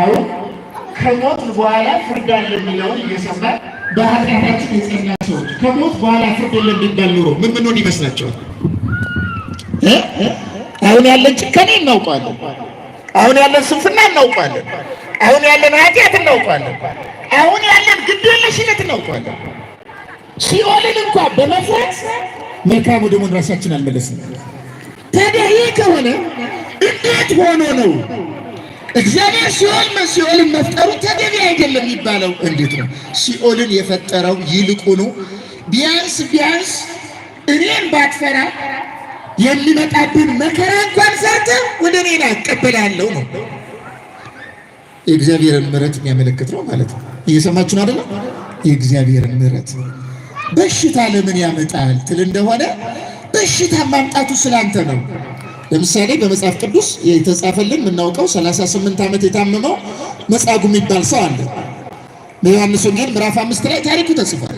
አሁን ከሞት በኋላ ፍርድ አለ የሚለውን እየሰማን በኃጢአታችን የጸና ሰዎች ከሞት በኋላ ፍርድ አለ የሚባል ኑሮ ምን ምን ይመስላቸዋል? አሁን ያለን ጭካኔ እናውቀዋለን። አሁን ያለን ስንፍና እናውቀዋለን። አሁን ያለን ኃጢአት እናውቀዋለን። አሁን ያለን ግድየለሽነት እናውቀዋለን። ሲኦልን እንኳን በመፍራት መልካም ወደሙን ራሳችን አልመለስንም። ታዲያ ይህ ከሆነ እንዴት ሆኖ ነው እግዚአብሔር ሲኦል ሲኦልን መፍጠሩ ተገቢ አይደለም የሚባለው እንዴት ነው? ሲኦልን የፈጠረው ይልቁኑ ቢያንስ ቢያንስ እኔን ባትፈራ የሚመጣብን መከራ እንኳን ሰርተ ወደ እኔ ና እቀበላለሁ ነው። የእግዚአብሔርን ምሕረት የሚያመለክት ነው ማለት ነው። እየሰማችሁን አደለ? የእግዚአብሔርን ምሕረት በሽታ ለምን ያመጣል ትል እንደሆነ በሽታ ማምጣቱ ስላንተ ነው። ለምሳሌ በመጽሐፍ ቅዱስ የተጻፈልን የምናውቀው 38 ዓመት የታመመው መጻጉ የሚባል ሰው አለ። በዮሐንስ ወንጌል ምዕራፍ አምስት ላይ ታሪኩ ተጽፏል።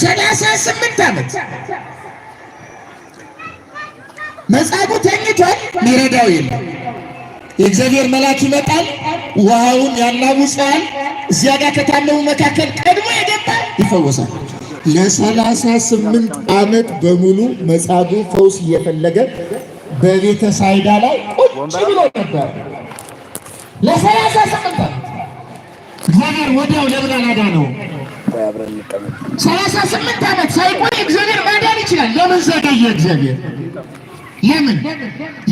38 ዓመት መጻጉ ተኝቷል፣ ሚረዳው የለም። የእግዚአብሔር መልአክ ይመጣል፣ ውሃውን ያናውጸዋል። እዚያ ጋር ከታመሙ መካከል ቀድሞ የገባ ይፈወሳል። ለ38 ዓመት በሙሉ መጻጉ ፈውስ እየፈለገ በቤተ ሳይዳ ላይ ቁጭ ብሎ ነበር ለሰላሳ ሰዓታት። እግዚአብሔር ወዲያው ለምን አላዳ ነው? ሰላሳ ስምንት ዓመት ሳይቆይ እግዚአብሔር ማዳን ይችላል። ለምን ዘገየ እግዚአብሔር? ለምን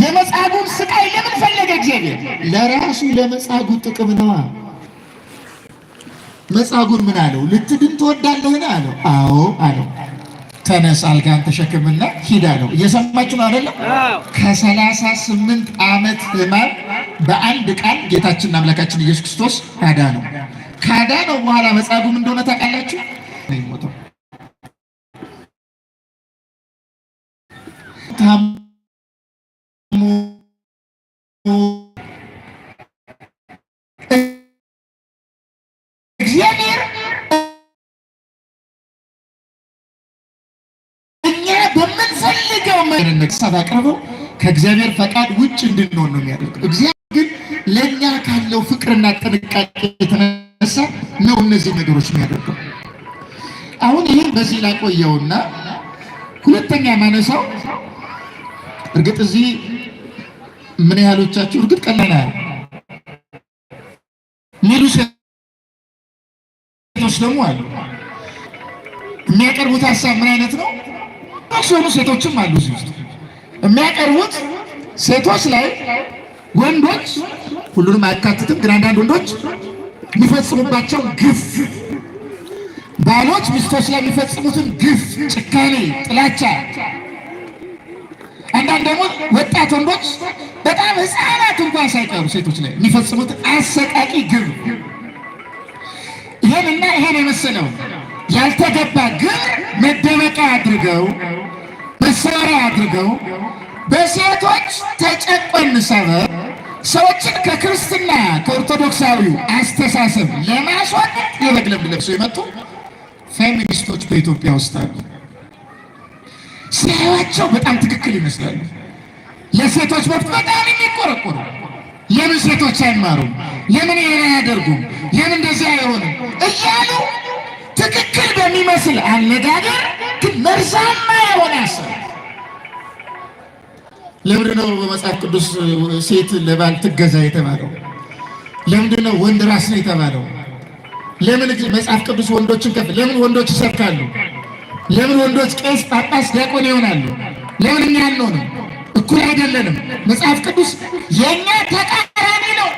የመጻጉዕ ስቃይ ለምን ፈለገ እግዚአብሔር? ለራሱ ለመጻጉዕ ጥቅም ነዋ። መጻጉዕ ምን አለው? ልትድን ትወዳለህን አለው። አዎ አለው። ተነስ አልጋን ተሸክምና ሂዳ ነው እየሰማችሁ ነው አይደለም? ከሰላሳ ስምንት ዓመት ህማም በአንድ ቀን ጌታችንና አምላካችን ኢየሱስ ክርስቶስ ካዳ ነው። ካዳ ነው በኋላ መጻጉም ምን እንደሆነ ታውቃላችሁ? ሞተው አይነት ሀሳብ አቅርበው ከእግዚአብሔር ፈቃድ ውጭ እንድንሆን ነው የሚያደርግ። እግዚአብሔር ግን ለእኛ ካለው ፍቅርና ጥንቃቄ የተነሳ ነው እነዚህ ነገሮች የሚያደርገው። አሁን ይህን በዚህ ላቆየውና ሁለተኛ ማነሳው እርግጥ እዚህ ምን ያህሎቻችሁ እርግጥ ቀላል ሚሉ ሴቶች ደግሞ አሉ። የሚያቀርቡት ሀሳብ ምን አይነት ነው? ታላላቅ የሆኑ ሴቶችም አሉ እዚህ ውስጥ የሚያቀርቡት ሴቶች ላይ ወንዶች ሁሉንም አያካትትም፣ ግን አንዳንድ ወንዶች የሚፈጽሙባቸው ግፍ ባሎች ሚስቶች ላይ የሚፈጽሙትን ግፍ፣ ጭካኔ፣ ጥላቻ አንዳንድ ደግሞ ወጣት ወንዶች በጣም ሕፃናት እንኳን ሳይቀሩ ሴቶች ላይ የሚፈጽሙት አሰቃቂ ግብ ይህንና ይሄን የመሰለው ያልተገባ ግብር መደበቂያ አድርገው መሳሪያ አድርገው በሴቶች ተጨቆን ሰበብ ሰዎችን ከክርስትና ከኦርቶዶክሳዊው አስተሳሰብ ለማስወገድ የበግ ለምድ ለብሰው የመጡ ፌሚኒስቶች በኢትዮጵያ ውስጥ አሉ። ሲያዩቸው በጣም ትክክል ይመስላሉ። ለሴቶች መብት በጣም የሚቆረቆሩ ለምን ሴቶች አይማሩም? ለምን ይሄን አያደርጉም? ለምን እንደዚህ አይሆንም እያሉ ትክክል በሚመስል አነጋገር ግን መርዛማ የሆነ ሰው ለምንድን ነው በመጽሐፍ ቅዱስ ሴት ለባል ትገዛ የተባለው? ለምንድን ነው ወንድ ራስ ነው የተባለው? ለምን መጽሐፍ ቅዱስ ወንዶችን ከፍ ለምን ወንዶች ይሰብካሉ? ለምን ወንዶች ቄስ፣ ጳጳስ፣ ዲያቆን ይሆናሉ? ለምን እኛ አንሆንም? እኩል አይደለንም። መጽሐፍ ቅዱስ የእኛ ተቃራኒ ነው።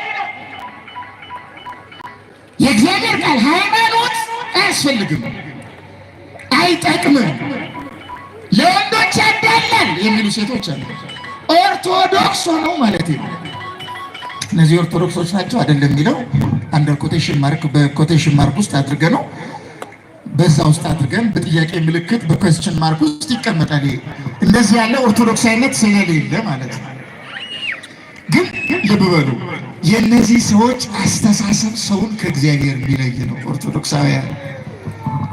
የእግዚአብሔር ቃል አያስፈልግም፣ አይጠቅምም። ለወንዶች ያዳላል የሚሉ ሴቶች አሉ። ኦርቶዶክስ ሆነው ማለት ነው። እነዚህ ኦርቶዶክሶች ናቸው አይደለም የሚለው አንደር ኮቴሽን ማርክ በኮቴሽን ማርክ ውስጥ አድርገ ነው በዛ ውስጥ አድርገን በጥያቄ ምልክት በኮስችን ማርክ ውስጥ ይቀመጣል። እንደዚህ ያለ ኦርቶዶክስ አይነት ስለሌለ ማለት ነው። ግን ልብ በሉ የእነዚህ ሰዎች አስተሳሰብ ሰውን ከእግዚአብሔር የሚለይ ነው። ኦርቶዶክሳውያን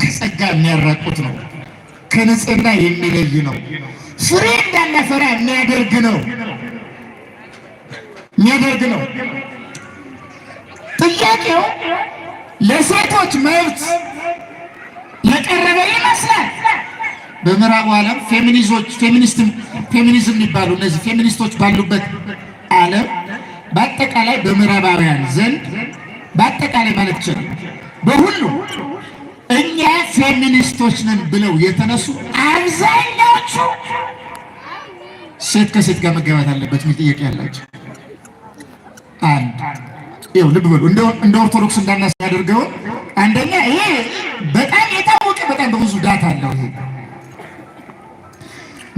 ከጸጋ የሚያራቁት ነው። ከንጽህና የሚለይ ነው። ፍሬ እንዳናፈራ የሚያደርግ ነው የሚያደርግ ነው። ጥያቄው ለሴቶች መብት የቀረበ ይመስላል። በምዕራቡ ዓለም ፌሚኒዞች ፌሚኒስትም ፌሚኒዝም የሚባሉ እነዚህ ፌሚኒስቶች ባሉበት ዓለም በአጠቃላይ በምዕራባውያን ዘንድ በአጠቃላይ ማለት ይችላል በሁሉ እኛ ፌሚኒስቶች ነን ብለው የተነሱ አብዛኛዎቹ ሴት ከሴት ጋር መገባት አለበት የሚል ጥያቄ ያላቸው አንድ ይኸው ልብ በሉ እንደ ኦርቶዶክስ እንዳናስ ያደርገው አንደኛ ይሄ በጣም የታወቀ በጣም በብዙ ዳታ አለው። ይሄ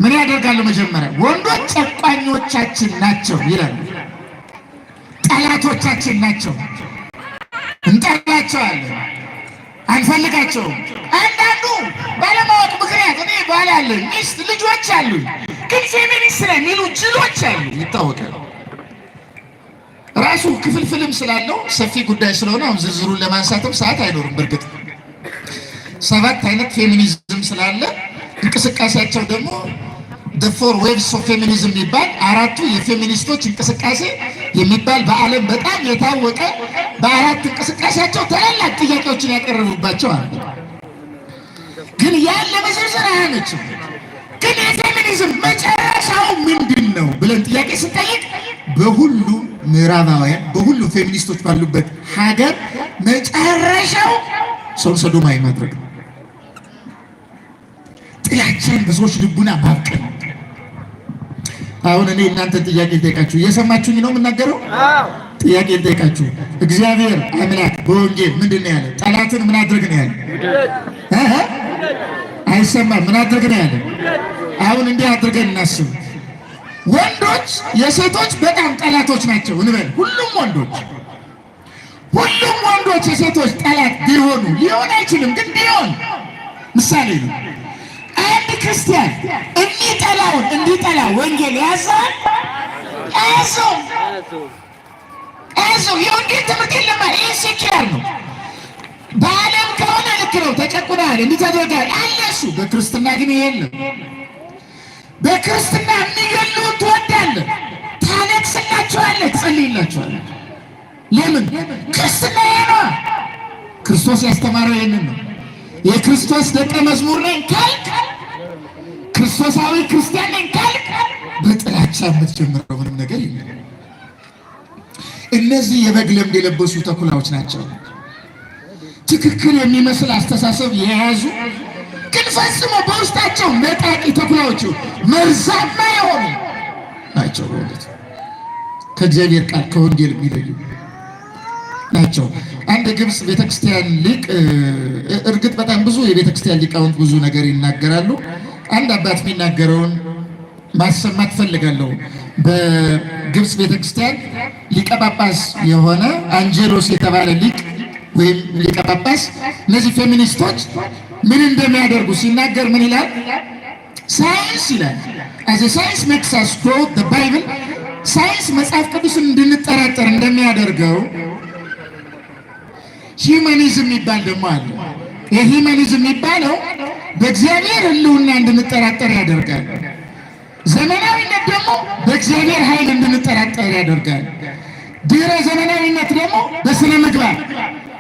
ምን ያደርጋሉ? መጀመሪያ ወንዶች ጨቋኞቻችን ናቸው ይላሉ፣ ጠላቶቻችን ናቸው፣ እንጠላቸዋለን አንፈልጋቸውም አንዳንዱ ባለማወቅ ምክንያት እኔ ባል አለኝ፣ ሚስት፣ ልጆች አሉኝ፣ ግን ፌሚኒስት የሚሉ ጅሎች አሉ፣ ይታወቃል። ራሱ ክፍልፍልም ስላለው ሰፊ ጉዳይ ስለሆነ አሁን ዝርዝሩን ለማንሳትም ሰዓት አይኖርም። በእርግጥ ሰባት አይነት ፌሚኒዝም ስላለ እንቅስቃሴያቸው ደግሞ ፎር ዌቭስ ኦፍ ፌሚኒዝም የሚባል አራቱ የፌሚኒስቶች እንቅስቃሴ የሚባል በዓለም በጣም የታወቀ በአራት እንቅስቃሴያቸው ታላላቅ ጥያቄዎችን ያቀረቡባቸው አሉ። ግን ያን ለመዘርዘር አያነችም። ግን የፌሚኒዝም መጨረሻው ምንድን ነው ብለን ጥያቄ ስንጠይቅ በሁሉ ምዕራባውያን በሁሉ ፌሚኒስቶች ባሉበት ሀገር መጨረሻው ሰውን ሰዶማዊ ማድረግ ነው። ጥላቻን በሰዎች ልቡና ማብቀል። አሁን እኔ እናንተን ጥያቄ ልጠይቃችሁ፣ እየሰማችሁኝ ነው የምናገረው? ጥያቄ ልጠይቃችሁ። እግዚአብሔር አምላክ በወንጌል ምንድን ነው ያለ? ጠላትን ምን አድርግ ነው ያለ? አይሰማም። ምን አድርግ ነው ያለ? አሁን እንዲህ አድርገን እናስብ። ወንዶች የሴቶች በጣም ጠላቶች ናቸው እንበል። ሁሉም ወንዶች ሁሉም ወንዶች የሴቶች ጠላት ቢሆኑ ሊሆን አይችልም፣ ግን ቢሆን ምሳሌ ነው። አንድ ክርስቲያን እሚጠላውን እንዲጠላ ወንጌል ያዛል አያዘው ህዝብ የወንጌል ትምህርት የለማ ይህ ሴኪያር ነው። በዓለም ከሆነ ልክ ነው፣ ተጨቁናል፣ እንዲህ አለሱ። በክርስትና ግን የለም። በክርስትና የሚገሉ ትወዳለ ታለቅስላቸዋለ፣ ትጸልይላቸዋለ። ለምን? ክርስትና ይሄ ክርስቶስ ያስተማረው ይህንን ነው። የክርስቶስ ደቀ መዝሙር ነኝ ካልክ፣ ክርስቶሳዊ ክርስቲያን ነኝ ካልክ፣ በጥላቻ የምትጀምረው ምንም ነገር የለም። እነዚህ የበግ ለምድ የለበሱ ተኩላዎች ናቸው። ትክክል የሚመስል አስተሳሰብ የያዙ ግን ፈጽሞ በውስጣቸው መጣቂ ተኩላዎቹ መርዛማ የሆኑ ናቸው። በእውነት ከእግዚአብሔር ቃል ከወንጌል የሚለዩ ናቸው። አንድ ግብፅ ቤተክርስቲያን ሊቅ፣ እርግጥ በጣም ብዙ የቤተክርስቲያን ሊቃውንት ብዙ ነገር ይናገራሉ። አንድ አባት የሚናገረውን ማሰማት ፈልጋለሁ። በግብፅ ቤተክርስቲያን ሊቀ ጳጳስ የሆነ አንጀሎስ የተባለ ሊቅ ወይም ሊቀ ጳጳስ እነዚህ ፌሚኒስቶች ምን እንደሚያደርጉ ሲናገር ምን ይላል? ሳይንስ ይላል አዘ ሳይንስ መክሳስ ቶ ባይብል ሳይንስ መጽሐፍ ቅዱስን እንድንጠራጠር እንደሚያደርገው ሂማኒዝም የሚባል ደግሞ አለ። የሂማኒዝም የሚባለው በእግዚአብሔር ሕልውና እንድንጠራጠር ያደርጋል። ዘመናዊነት ደግሞ በእግዚአብሔር ኃይል እንድንጠራጠር ያደርጋል። ድህረ ዘመናዊነት ደግሞ በስነ ምግባር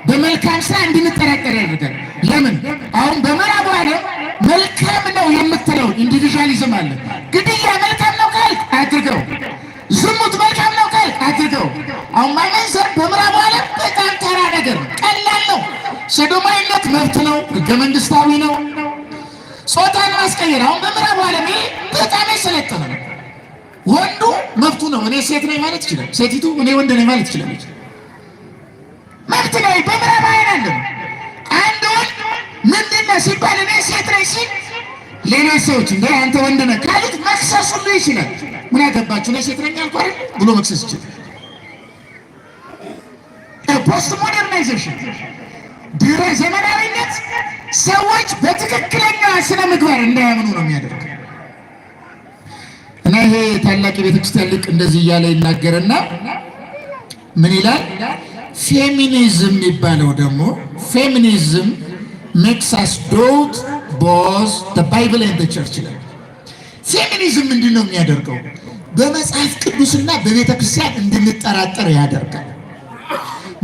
በመልካም ስራ እንድንጠራጠር ያደርጋል። ለምን አሁን በምዕራቡ ዓለም መልካም ነው የምትለው ኢንዲቪዥዋሊዝም አለ። ግድያ መልካም ነው ካልክ አድርገው፣ ዝሙት መልካም ነው ካልክ አድርገው። አሁን ማመንዘር በምዕራቡ ዓለም በጣም ተራ ነገር ቀላል ነው። ሰዶማዊነት መብት ነው፣ ህገ መንግስታዊ ነው። ጾታን ማስቀየር አሁን በምዕራቡ ዓለም በጣም የሰለጠነ ነው። ወንዱ መብቱ ነው። እኔ ሴት ነኝ ማለት ይችላል። ሴቲቱ እኔ ወንድ ነኝ ማለት ይችላል። መብት ነው። በምዕራብ አይናለ አንድ ወንድ ምንድነው ሲባል እኔ ሴት ነኝ ሲል ሌላ ሰዎች እንደ አንተ ወንድ ነህ ካሉት መክሰስ ሁሉ ይችላል። ምን ያገባችሁ እኔ ሴት ነኝ አልኳል ብሎ መክሰስ ይችላል። ፖስት ሞደርናይዜሽን ድህረ ዘመናዊነት ሰዎች በትክክለኛ ስነ ምግባር እንዳያምኑ ነው የሚያደርግ እና ይሄ ታላቅ የቤተክርስቲያን ሊቅ እንደዚህ እያለ ይናገርና ምን ይላል? ፌሚኒዝም የሚባለው ደግሞ ፌሚኒዝም ሜክስ አስ ዶውት ቦዝ ባይብል ኤንድ ቸርች ይላል። ፌሚኒዝም ምንድን ነው የሚያደርገው? በመጽሐፍ ቅዱስና በቤተክርስቲያን ክርስቲያን እንድንጠራጠር ያደርጋል።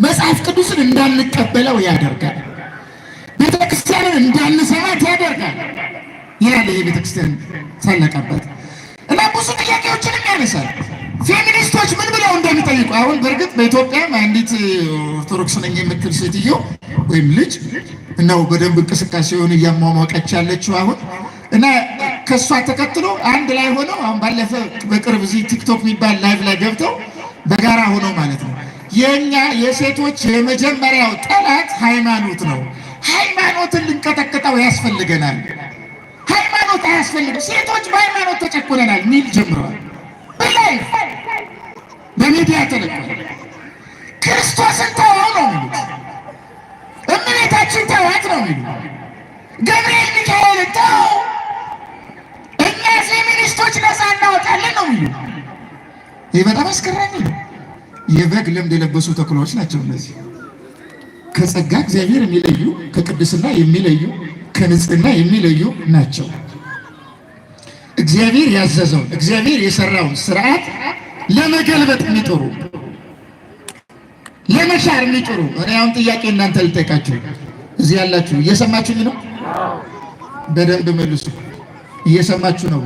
መጽሐፍ ቅዱስን እንዳንቀበለው ያደርጋል። ክርስቲያንን እንዳንሰማ ያደርጋል ይላል የቤተ ቤተክርስቲያን ሳለቃበት እና ብዙ ጥያቄዎችንም ያነሳል። ፌሚኒስቶች ምን ብለው እንደሚጠይቁ አሁን በእርግጥ በኢትዮጵያ አንዲት ኦርቶዶክስ ነኝ የምትል ሴትዮ ወይም ልጅ እናው በደንብ እንቅስቃሴውን እያሟሟቀች ያለችው አሁን እና ከእሷ ተከትሎ አንድ ላይ ሆነው አሁን ባለፈ በቅርብ እዚህ ቲክቶክ የሚባል ላይቭ ላይ ገብተው በጋራ ሆነው ማለት ነው የእኛ የሴቶች የመጀመሪያው ጠላት ሃይማኖት ነው ሃይማኖትን ልንቀጠቅጠው ያስፈልገናል። ሃይማኖት አያስፈልግም፣ ሴቶች በሃይማኖት ተጨኩለናል ሚል ጀምረዋል። በላይ በሚዲያ ተለቀ ክርስቶስን ተዋው ነው የሚሉት፣ እመቤታችን ተዋት ነው የሚሉት፣ ገብርኤል ሚካኤል ተው እኛ ፌሚኒስቶች ነፃ እናወጣለን ነው የሚሉት። ይህ በጣም አስገራሚ ነው። የበግ ለምድ የለበሱ ተኩላዎች ናቸው እነዚህ። ከጸጋ እግዚአብሔር የሚለዩ ከቅድስና የሚለዩ ከንጽህና የሚለዩ ናቸው። እግዚአብሔር ያዘዘውን እግዚአብሔር የሰራውን ስርዓት ለመገልበጥ የሚጥሩ ለመሻር የሚጥሩ እኔ አሁን ጥያቄ እናንተ ልጠይቃችሁ። እዚህ ያላችሁ እየሰማችሁኝ ነው? በደንብ መልሱ። እየሰማችሁ ነው